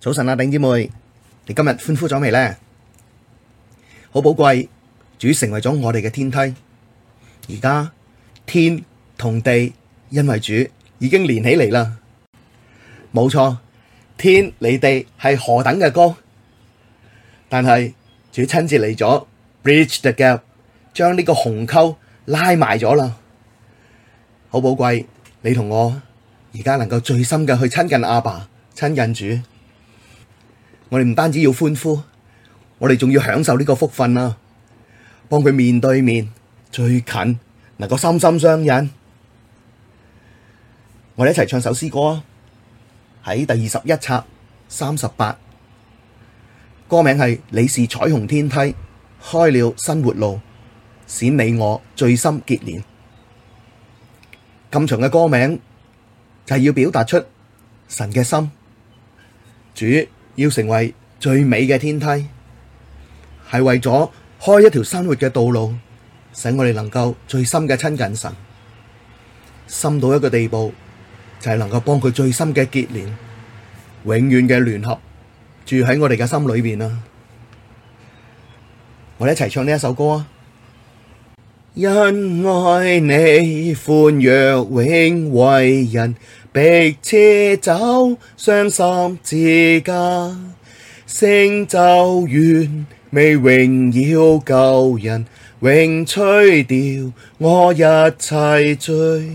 早晨啊，丁姐妹，你今日歡呼咗未呢？好寶貴，主成為咗我哋嘅天梯，而家天同地因為主已經連起嚟啦。冇錯，天離地係何等嘅高。但係主親自嚟咗，bridge the gap，將呢個鴻溝拉埋咗啦。好寶貴，你同我而家能夠最深嘅去親近阿爸，親近主。我哋唔單止要歡呼，我哋仲要享受呢個福分啊！幫佢面對面，最近能夠心心相印，我哋一齊唱首詩歌啊！喺第二十一冊三十八，歌名係《你是彩虹天梯，開了新活路》，使你我最深結連。咁長嘅歌名就係要表達出神嘅心，主。要成為最美嘅天梯，係為咗開一條生活嘅道路，使我哋能夠最深嘅親近神，深到一個地步，就係能夠幫佢最深嘅結連，永遠嘅聯合住喺我哋嘅心裏邊啊！我哋一齊唱呢一首歌啊！因愛你歡躍永為人，迫切走上十字架，成就完美榮耀救恩，永除掉我一切罪，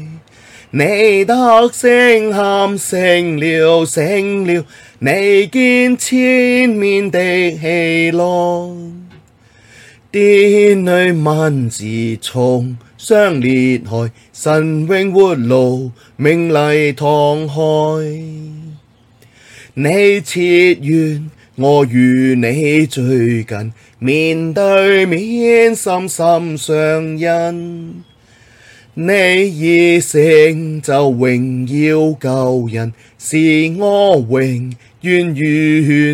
你得勝喊成了成了，你見前面的喜樂。殿裡幔子從上裂開，新永活路，明麗敞開。你切願我與你最近，面對面，心心相印。你已成就榮耀救恩，使我永遠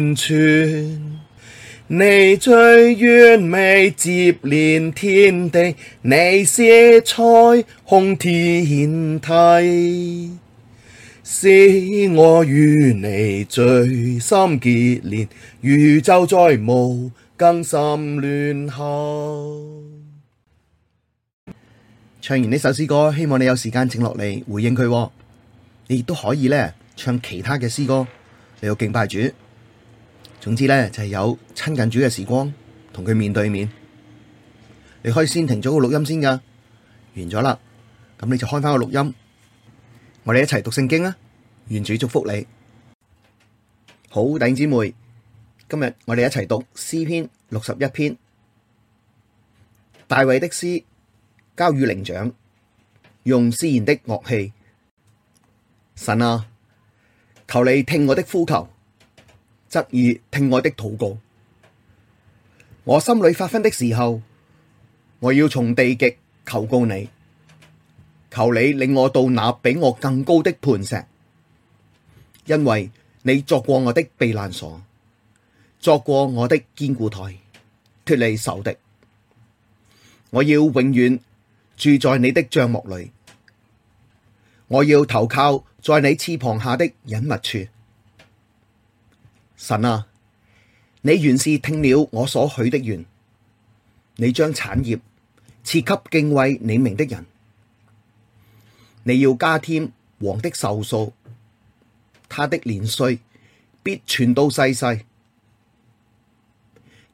完全。你最完美接連天地，你是彩虹天梯，使我與你最深結連，宇宙再無更深聯合。唱完呢首詩歌，希望你有時間靜落嚟回應佢、哦。你亦都可以咧唱其他嘅詩歌嚟到敬拜主。總之咧，就係、是、有親近主嘅時光，同佢面對面。你可以先停咗個錄音先㗎，完咗啦，咁你就開返個錄音，我哋一齊讀聖經啊！願主祝福你，好弟兄姊妹，今日我哋一齊讀詩篇六十一篇，大衛的詩，交與伶長，用絲弦的樂器。神啊，求你聽我的呼求。側耳聽我的禱告，我心裡發昏的時候，我要從地極求告你，求你領我到那比我更高的磐石，因為你作過我的避難所，作過我的堅固臺，脫離仇敵。我要永遠住在你的帳幕裡，我要投靠在你翅膀下的隱密處。神啊，你原是聽了我所許的願，你將產業賜給敬畏你名的人，你要加添王的壽數，他的年歲必存到世世，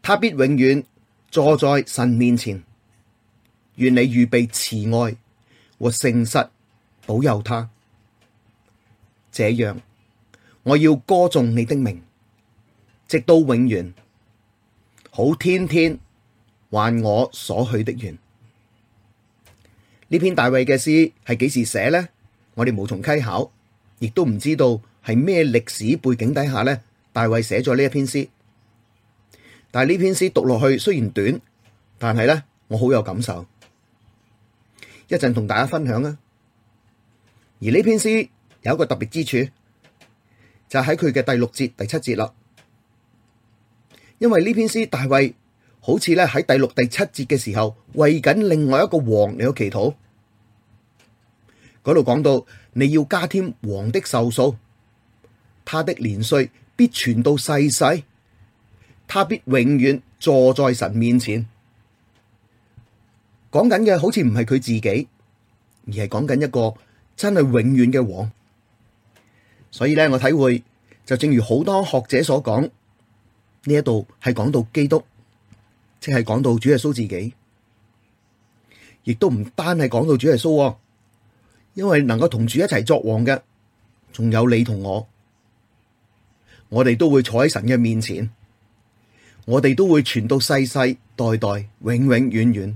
他必永遠坐在神面前。願你預備慈愛和誠實，保佑他，這樣我要歌頌你的名。直到永遠，好天天還我所許的願。呢篇大衛嘅詩係幾時寫呢？我哋無從稽考，亦都唔知道係咩歷史背景底下呢，大衛寫咗呢一篇詩。但係呢篇詩讀落去雖然短，但係呢，我好有感受。一陣同大家分享啦。而呢篇詩有一個特別之處，就喺佢嘅第六節、第七節啦。因為呢篇詩，大衛好似咧喺第六、第七節嘅時候，為緊另外一個王你去祈禱。嗰度講到你要加添王的壽數，他的年歲必存到世世，他必永遠坐在神面前。講緊嘅好似唔係佢自己，而係講緊一個真係永遠嘅王。所以咧，我體會就正如好多學者所講。呢一度係講到基督，即係講到主耶穌自己，亦都唔單係講到主耶穌，因為能夠同主一齊作王嘅，仲有你同我，我哋都會坐喺神嘅面前，我哋都會傳到世世代代永永遠遠。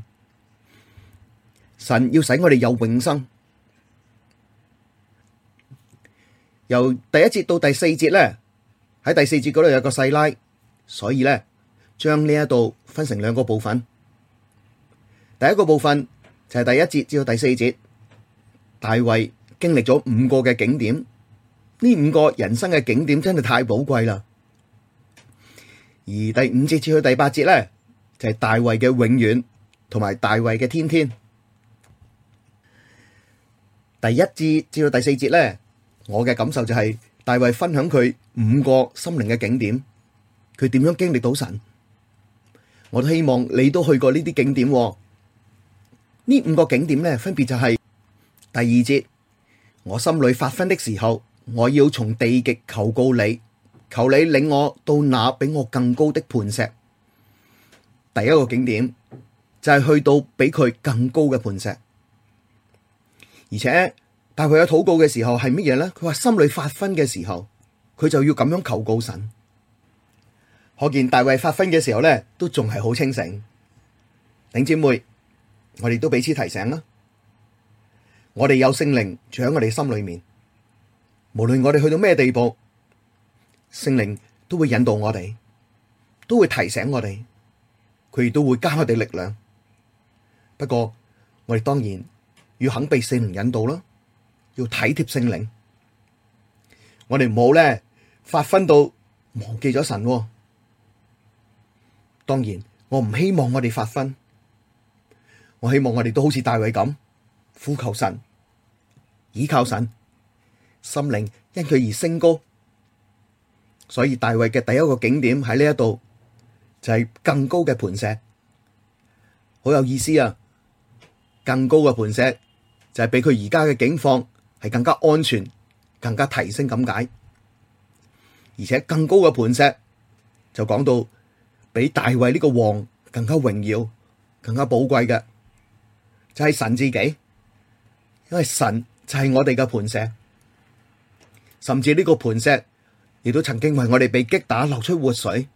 神要使我哋有永生。由第一節到第四節咧，喺第四節嗰度有個細拉。所以咧，將呢一度分成兩個部分。第一個部分就係、是、第一節至到第四節，大衛經歷咗五個嘅景點，呢五個人生嘅景點真係太寶貴啦。而第五節至到第八節咧，就係、是、大衛嘅永遠同埋大衛嘅天天。第一節至到第四節咧，我嘅感受就係大衛分享佢五個心靈嘅景點。佢點樣經歷到神？我都希望你都去過呢啲景點哦。呢五個景點呢，分別就係第二節，我心裡發昏的時候，我要從地極求告你，求你領我到那比我更高的磐石。第一個景點就係、是、去到比佢更高嘅磐石，而且但佢嘅禱告嘅時候係乜嘢呢？佢話心裡發昏嘅時候，佢就要咁樣求告神。可見大衛發昏嘅時候咧，都仲係好清醒。頂姐妹，我哋都彼此提醒啦。我哋有聖靈住喺我哋心裏面，無論我哋去到咩地步，聖靈都會引導我哋，都會提醒我哋，佢亦都會加我哋力量。不過我哋當然要肯被聖靈引導啦，要體貼聖靈。我哋唔好咧發昏到忘記咗神啊。當然，我唔希望我哋發昏，我希望我哋都好似大衛咁，呼求神，倚靠神，心靈因佢而升高。所以大衛嘅第一個景點喺呢一度，就係更高嘅磐石，好有意思啊！更高嘅磐石就係比佢而家嘅境況係更加安全、更加提升咁解。而且更高嘅磐石就講到。比大衛呢個王更加榮耀、更加寶貴嘅，就係、是、神自己，因為神就係我哋嘅磐石，甚至呢個磐石亦都曾經為我哋被擊打流出活水，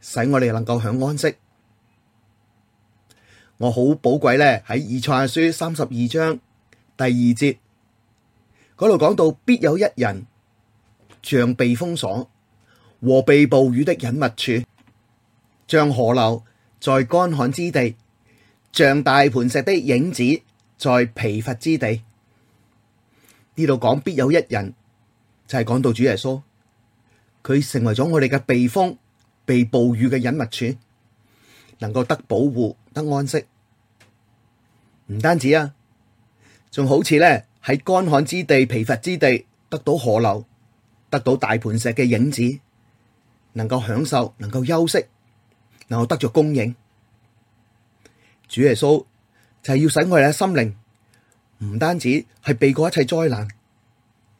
使我哋能夠享安息。我好寶貴呢，喺以賽亞書三十二章第二節嗰度講到，必有一人像避風所和避暴雨的隱密處。像河流在乾旱之地，像大磐石的影子在疲乏之地。呢度講必有一人，就係講到主耶穌，佢成為咗我哋嘅避風、避暴雨嘅隱密處，能夠得保護、得安息。唔單止啊，仲好似呢，喺乾旱之地、疲乏之地，得到河流，得到大磐石嘅影子，能夠享受、能夠休息。能夠得咗供應，主耶穌就係要使我哋嘅心靈唔單止係避過一切災難，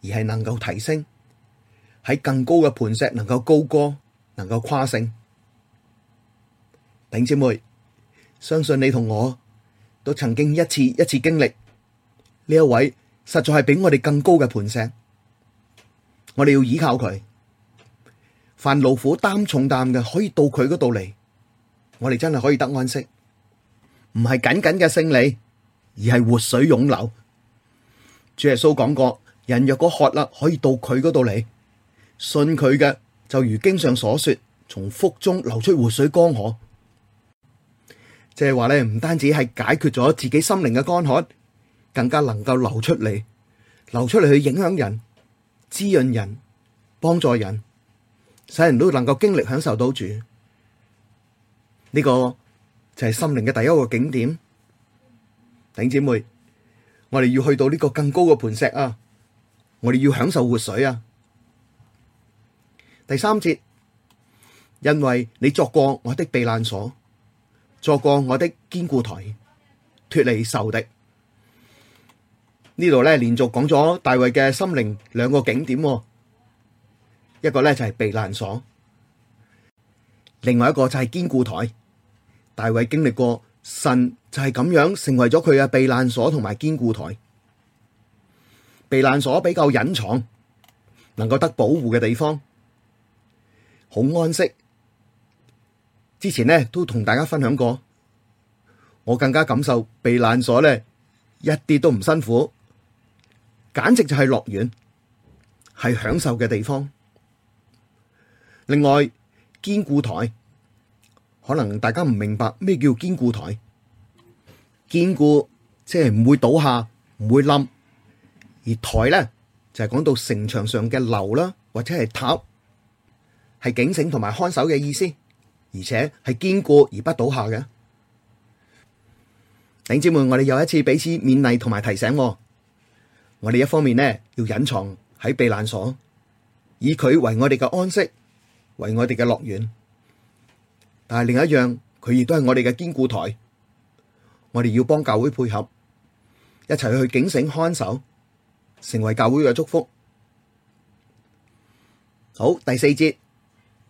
而係能夠提升喺更高嘅磐石，能夠高歌，能夠誇勝。弟兄姊妹，相信你同我都曾經一次一次經歷呢一位實在係比我哋更高嘅磐石，我哋要倚靠佢，凡勞苦擔重擔嘅，可以到佢嗰度嚟。我哋真係可以得安息，唔係僅僅嘅勝利，而係活水湧流。主耶穌講過，人若個渴啦，可以到佢嗰度嚟，信佢嘅就如經上所說，從腹中流出活水江河。即係話咧，唔單止係解決咗自己心靈嘅乾渴，更加能夠流出嚟，流出嚟去影響人、滋潤人、幫助人，使人都能夠經歷享受到主。呢個就係心靈嘅第一個景點，弟兄姊妹，我哋要去到呢個更高嘅磐石啊！我哋要享受活水啊！第三節，因為你作過我的避難所，作過我的堅固台，脫離仇敵。呢度咧連續講咗大衛嘅心靈兩個景點啊，一個咧就係、是、避難所。另外一個就係堅固臺，大衛經歷過神就係咁樣成為咗佢嘅避難所同埋堅固臺。避難所比較隱藏，能夠得保護嘅地方，好安息。之前呢都同大家分享過，我更加感受避難所呢一啲都唔辛苦，簡直就係樂園，係享受嘅地方。另外。堅固台，可能大家唔明白咩叫堅固台？堅固即係唔會倒下，唔會冧。而台咧就係、是、講到城牆上嘅樓啦，或者係塔，係警醒同埋看守嘅意思，而且係堅固而不倒下嘅。弟兄姊妹，我哋又一次彼此勉勵同埋提醒，我哋一方面呢，要隱藏喺避難所，以佢為我哋嘅安息。為我哋嘅樂園，但係另一樣，佢亦都係我哋嘅堅固台。我哋要幫教會配合，一齊去警醒看守，成為教會嘅祝福。好，第四節，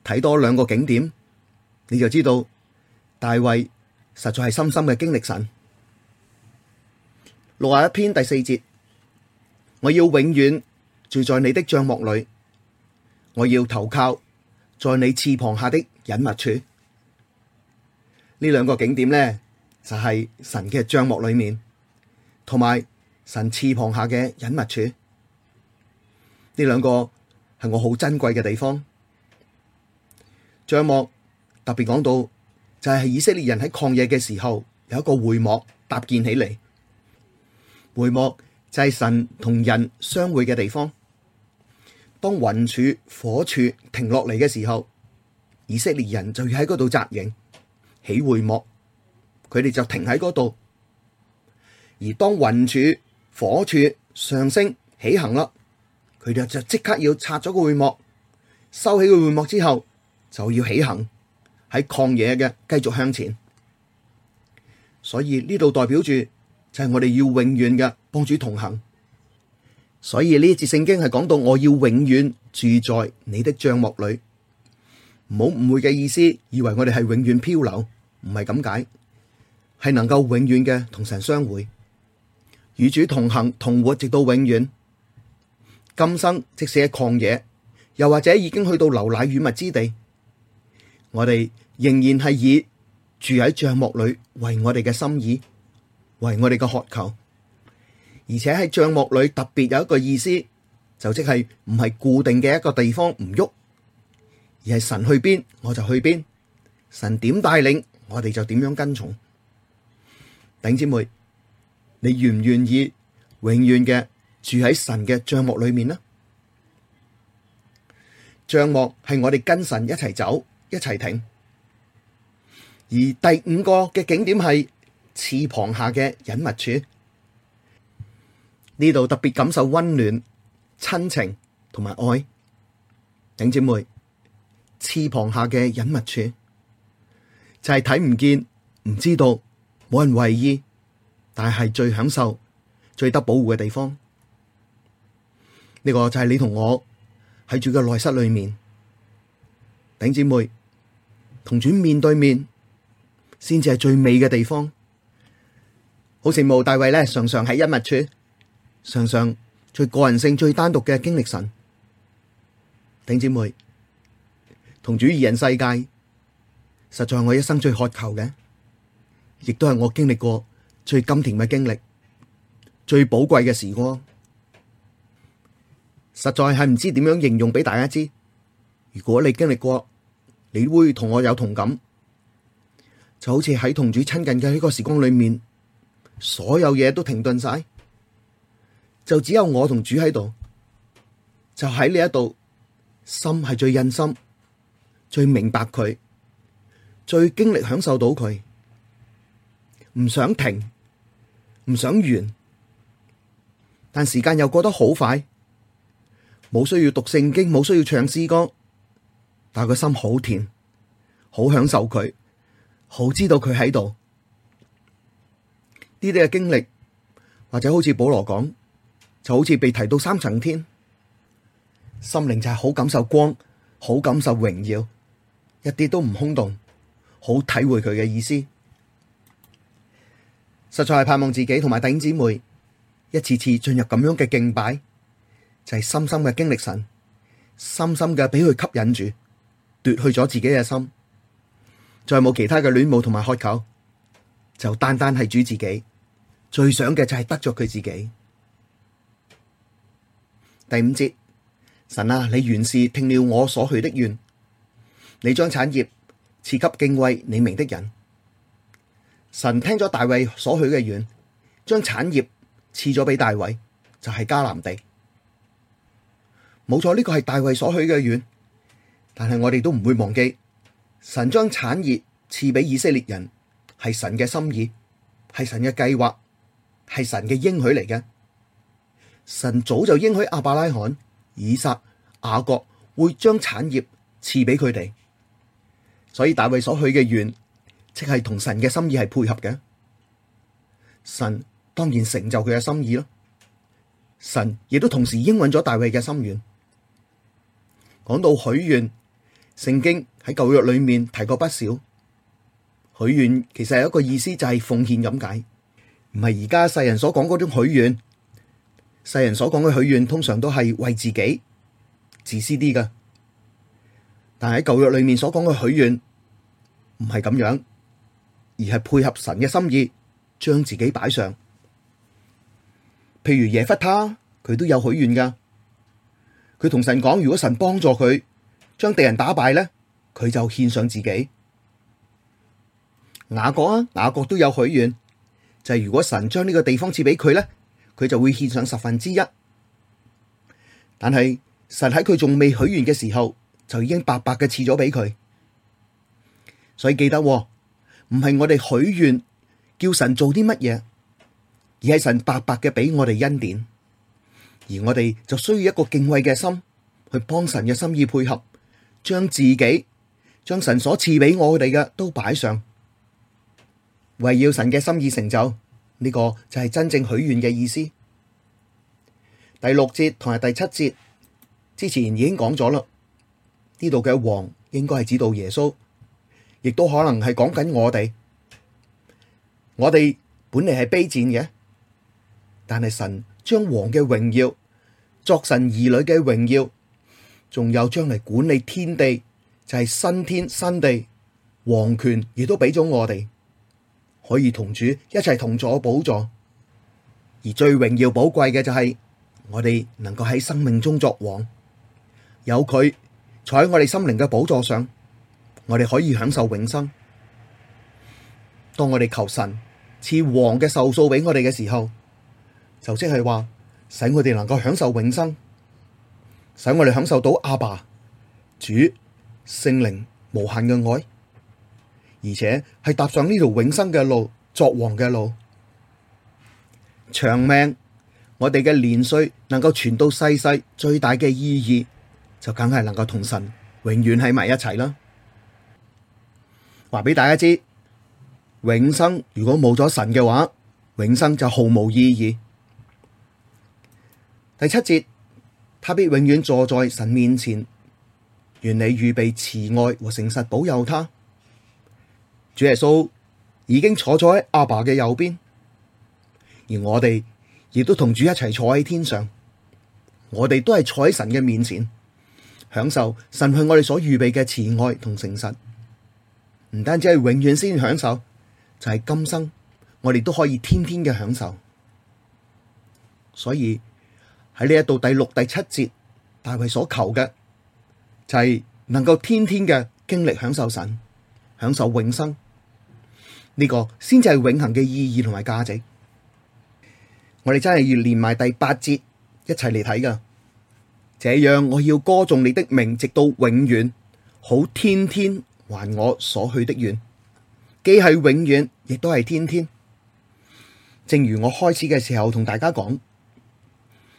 睇多兩個景點，你就知道大衛實在係深深嘅經歷神。六十一篇第四節，我要永遠住在你的帳幕裡，我要投靠。在你翅膀下的隱密處，呢兩個景點呢，就係、是、神嘅帳幕裏面，同埋神翅膀下嘅隱密處，呢兩個係我好珍貴嘅地方。帳幕特別講到就係、是、以色列人喺曠野嘅時候有一個會幕搭建起嚟，會幕就係神同人相會嘅地方。當雲柱、火柱停落嚟嘅時候，以色列人就要喺嗰度紮營起會幕，佢哋就停喺嗰度；而當雲柱、火柱上升起行啦，佢哋就即刻要拆咗個會幕，收起個會幕之後就要起行喺曠野嘅繼續向前。所以呢度代表住就係我哋要永遠嘅幫主同行。所以呢一節聖經係講到，我要永遠住在你的帳幕裡，唔好誤會嘅意思，以為我哋係永遠漂流，唔係咁解，係能夠永遠嘅同神相會，與主同行同活，直到永遠。今生即使喺曠野，又或者已經去到流奶與蜜之地，我哋仍然係以住喺帳幕裡為我哋嘅心意，為我哋嘅渴求。而且喺帳幕裏特別有一個意思，就即係唔係固定嘅一個地方唔喐，而係神去邊我就去邊，神點帶領我哋就點樣跟從。弟兄姊妹，你願唔願意永遠嘅住喺神嘅帳幕裏面呢？帳幕係我哋跟神一齊走一齊停。而第五個嘅景點係翅膀下嘅隱密處。呢度特別感受溫暖、親情同埋愛，頂姐妹翅膀下嘅隱密處就係睇唔見、唔知道、冇人為意，但係最享受、最得保護嘅地方。呢、這個就係你同我喺住嘅內室裡面，頂姐妹同主面對面，先至係最美嘅地方。好羨慕大衛咧，常常喺隱密處。常常最個人性最單獨嘅經歷神，頂姐妹同主二人世界，實在係我一生最渴求嘅，亦都係我經歷過最甘甜嘅經歷，最寶貴嘅時光，實在係唔知點樣形容俾大家知。如果你經歷過，你會同我有同感，就好似喺同主親近嘅呢個時光裏面，所有嘢都停頓晒。就只有我同主喺度，就喺呢一度，心係最印心，最明白佢，最經歷享受到佢，唔想停，唔想完，但時間又過得好快，冇需要讀聖經，冇需要唱詩歌，但個心好甜，好享受佢，好知道佢喺度。呢啲嘅經歷，或者好似保羅講。就好似被提到三層天，心靈就係好感受光，好感受榮耀，一啲都唔空洞，好體會佢嘅意思。實在係盼望自己同埋弟兄姊妹一次次進入咁樣嘅敬拜，就係、是、深深嘅經歷神，深深嘅俾佢吸引住，奪去咗自己嘅心，再冇其他嘅戀慕同埋渴求，就單單係主自己，最想嘅就係得咗佢自己。第五節，神啊，你原是聽了我所許的願，你將產業賜給敬畏你名的人。神聽咗大衛所許嘅願，將產業賜咗俾大衛，就係、是、迦南地。冇錯，呢個係大衛所許嘅願，但係我哋都唔會忘記，神將產業賜俾以色列人，係神嘅心意，係神嘅計劃，係神嘅應許嚟嘅。神早就應許亞伯拉罕、以撒、雅各會將產業賜俾佢哋，所以大衛所許嘅願，即係同神嘅心意係配合嘅。神當然成就佢嘅心意咯。神亦都同時應允咗大衛嘅心願。講到許願，聖經喺舊約裏面提過不少。許願其實係一個意思，就係奉獻咁解，唔係而家世人所講嗰種許願。世人所講嘅許願通常都係為自己自私啲嘅，但係喺舊約裏面所講嘅許願唔係咁樣，而係配合神嘅心意，將自己擺上。譬如耶弗他，佢都有許願噶，佢同神講，如果神幫助佢將敵人打敗咧，佢就獻上自己。雅各啊，雅各都有許願，就係如果神將呢個地方賜俾佢咧。佢就會獻上十分之一，但係神喺佢仲未許願嘅時候，就已經白白嘅賜咗俾佢。所以記得，唔係我哋許願叫神做啲乜嘢，而係神白白嘅俾我哋恩典，而我哋就需要一個敬畏嘅心去幫神嘅心意配合，將自己將神所賜俾我哋嘅都擺上，圍繞神嘅心意成就。呢個就係真正許願嘅意思。第六節同埋第七節之前已經講咗啦，呢度嘅王應該係指到耶穌，亦都可能係講緊我哋。我哋本嚟係卑賤嘅，但係神將王嘅榮耀作神兒女嘅榮耀，仲有將嚟管理天地就係、是、新天新地王權，亦都俾咗我哋。可以同主一齊同坐寶座，而最榮耀寶貴嘅就係、是、我哋能夠喺生命中作王，有佢坐喺我哋心靈嘅寶座上，我哋可以享受永生。當我哋求神賜王嘅壽數俾我哋嘅時候，就即係話使我哋能夠享受永生，使我哋享受到阿爸主聖靈無限嘅愛。而且係踏上呢條永生嘅路，作王嘅路，長命，我哋嘅年歲能夠傳到世世，最大嘅意義就梗係能夠同神永遠喺埋一齊啦。話俾大家知，永生如果冇咗神嘅話，永生就毫無意義。第七節，他必永遠坐在神面前，願你預備慈愛和誠實保佑他。主耶穌已經坐咗喺阿爸嘅右邊，而我哋亦都同主一齊坐喺天上，我哋都係坐喺神嘅面前，享受神去我哋所預備嘅慈愛同誠實。唔單止係永遠先享受，就係今生我哋都可以天天嘅享受。所以喺呢一度第六、第七節，大衛所求嘅就係能夠天天嘅經歷享受神，享受永生。呢個先至係永恒嘅意義同埋價值，我哋真係要連埋第八節一齊嚟睇㗎。這樣，我要歌頌你的名，直到永遠，好天天還我所許的願，既係永遠，亦都係天天。正如我開始嘅時候同大家講，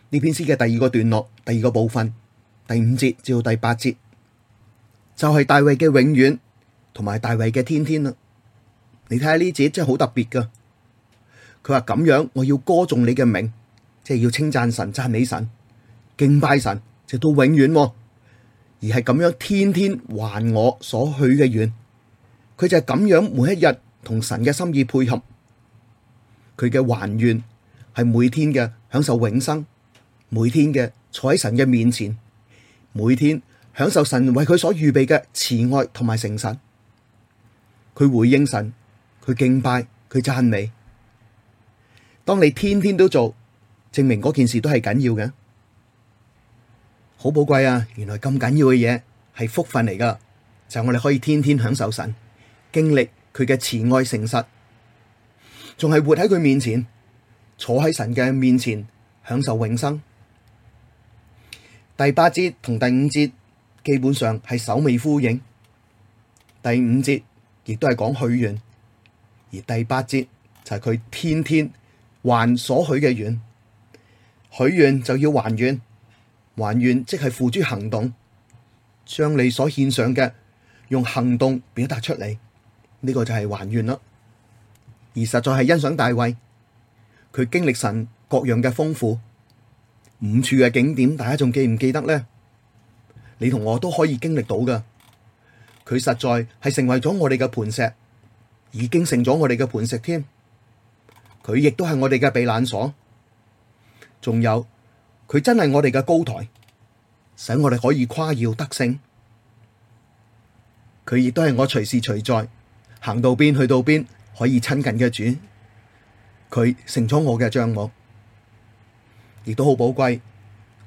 呢篇詩嘅第二個段落、第二個部分、第五節至到第八節，就係大衛嘅永遠同埋大衛嘅天天啦。你睇下呢節真係好特別噶，佢話咁樣，我要歌頌你嘅名，即係要稱讚神、讚美神、敬拜神，直到永遠。而係咁樣天天還我所許嘅願，佢就係咁樣每一日同神嘅心意配合，佢嘅還願係每天嘅享受永生，每天嘅坐喺神嘅面前，每天享受神為佢所預備嘅慈愛同埋誠實，佢回應神。佢敬拜，佢讚美。當你天天都做，證明嗰件事都係緊要嘅，好寶貴啊！原來咁緊要嘅嘢係福分嚟噶，就係我哋可以天天享受神，經歷佢嘅慈愛誠實，仲係活喺佢面前，坐喺神嘅面前享受永生。第八節同第五節基本上係首尾呼應，第五節亦都係講許願。而第八節就係佢天天還所許嘅願，許願就要還願，還願即係付諸行動，將你所獻上嘅用行動表達出嚟，呢個就係還願啦。而實在係欣賞大衛，佢經歷神各樣嘅豐富，五處嘅景點，大家仲記唔記得呢？你同我都可以經歷到噶，佢實在係成為咗我哋嘅磐石。已經成咗我哋嘅磐石添，佢亦都係我哋嘅避難所。仲有，佢真係我哋嘅高台，使我哋可以誇耀得勝。佢亦都係我隨時隨在，行到邊去到邊可以親近嘅主。佢成咗我嘅帳幕，亦都好寶貴。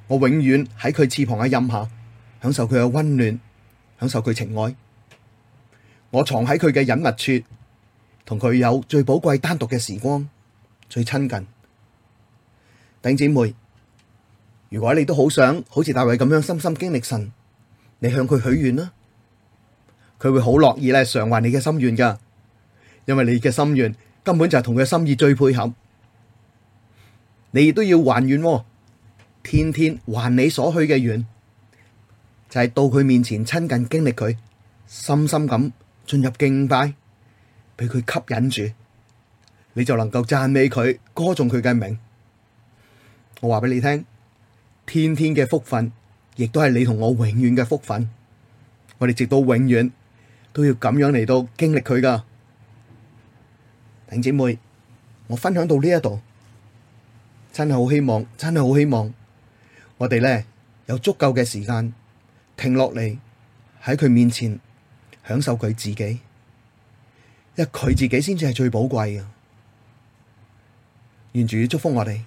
我永遠喺佢翅膀嘅蔭下，享受佢嘅溫暖，享受佢情愛。我藏喺佢嘅隱密處。同佢有最寶貴單獨嘅時光，最親近。鄧姐妹。如果你都好想好似大衛咁樣深深經歷神，你向佢許願啦，佢會好樂意咧償還你嘅心願㗎。因為你嘅心願根本就係同佢嘅心意最配合，你亦都要還願，啊，天天還你所許嘅願，就係到佢面前親近經歷佢，深深咁進入敬拜。俾佢吸引住，你就能夠讚美佢，歌頌佢嘅名。我話俾你聽，天天嘅福分，亦都係你同我永遠嘅福分。我哋直到永遠都要咁樣嚟到經歷佢㗎。弟姊妹，我分享到呢一度，真係好希望，真係好希望，我哋咧有足夠嘅時間停落嚟喺佢面前享受佢自己。一佢自己先至係最寶貴嘅，願主祝福我哋。